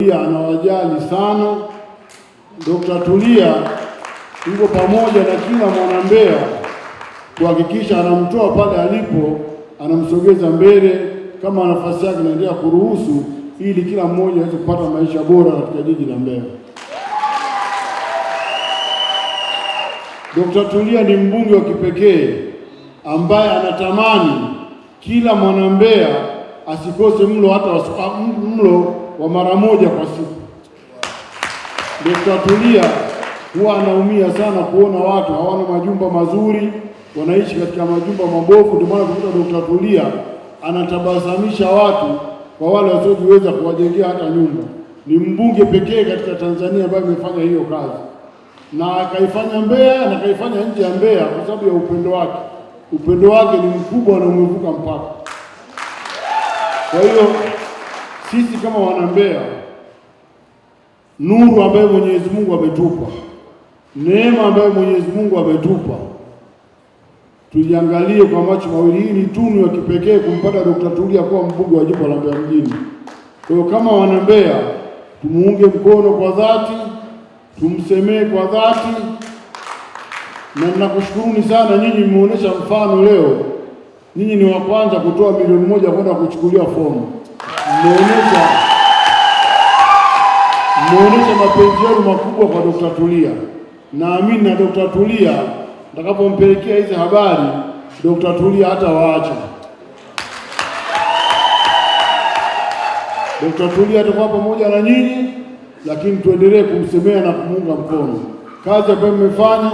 Tulia anawajali sana Dr. Tulia, yuko pamoja na kila mwanambeya kuhakikisha anamtoa pale alipo, anamsogeza mbele kama nafasi yake inaendelea kuruhusu, ili kila mmoja aweze kupata maisha bora katika jiji la Mbeya. Dr. Tulia ni mbunge wa kipekee ambaye anatamani kila mwanambeya asikose mlo hata mlo wa mara moja kwa siku. Dokta Tulia huwa anaumia sana kuona watu hawana majumba mazuri, wanaishi katika majumba mabovu. Ndio maana kukuta Dokta Tulia anatabasamisha watu kwa wale wasiojiweza kuwajengea hata nyumba. Ni mbunge pekee katika Tanzania ambaye amefanya hiyo kazi na akaifanya Mbeya na akaifanya nje ya Mbeya kwa sababu ya upendo wake. Upendo wake ni mkubwa na umevuka mpaka. Kwa hiyo sisi kama wanambea nuru ambayo Mwenyezi Mungu ametupa, neema ambayo Mwenyezi Mungu ametupa, tuiangalie kwa macho mawili. Hii ni tunu ya kipekee kumpata Dr. Tulia kuwa mbunge wa jimbo la Mbeya mjini. Kwa hiyo kama wanambea, tumuunge mkono kwa dhati, tumsemee kwa dhati, na ninakushukuruni sana nyinyi, mmeonyesha mfano leo. Nyinyi ni wa kwanza kutoa milioni moja kwenda kuchukulia fomu mmeonyesha mmeonyesha mapenzi yenu makubwa kwa Dr. Tulia. Naamini na Dr. Tulia nitakapompelekea hizi habari, Dr. Tulia hata waacha Dr. Tulia atakuwa pamoja na nyinyi, lakini tuendelee kumsemea na kumuunga mkono. Kazi ambayo mmefanya,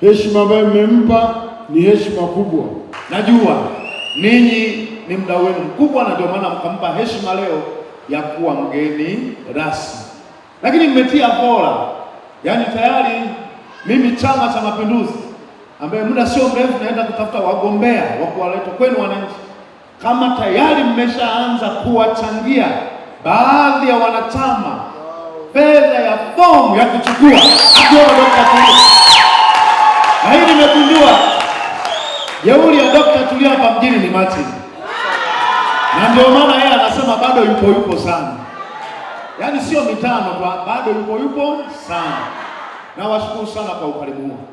heshima ambayo mmempa ni heshima kubwa. Najua ninyi ni muda wenu mkubwa, na ndio maana mkampa heshima leo ya kuwa mgeni rasmi, lakini mmetia bora, yaani tayari mimi Chama cha Mapinduzi ambaye muda sio mrefu naenda kutafuta wagombea wa kuwaleta kwenu wananchi, kama tayari mmeshaanza kuwachangia baadhi ya wanachama fedha ya fomu ya kuchukua Na hii nimegundua jeuri ya Dr. Tulia hapa mjini ni Martin na ndio maana yeye anasema bado yupo yupo sana, yaani sio mitano kwa, bado yupo yupo sana. Nawashukuru sana kwa ukarimu huu.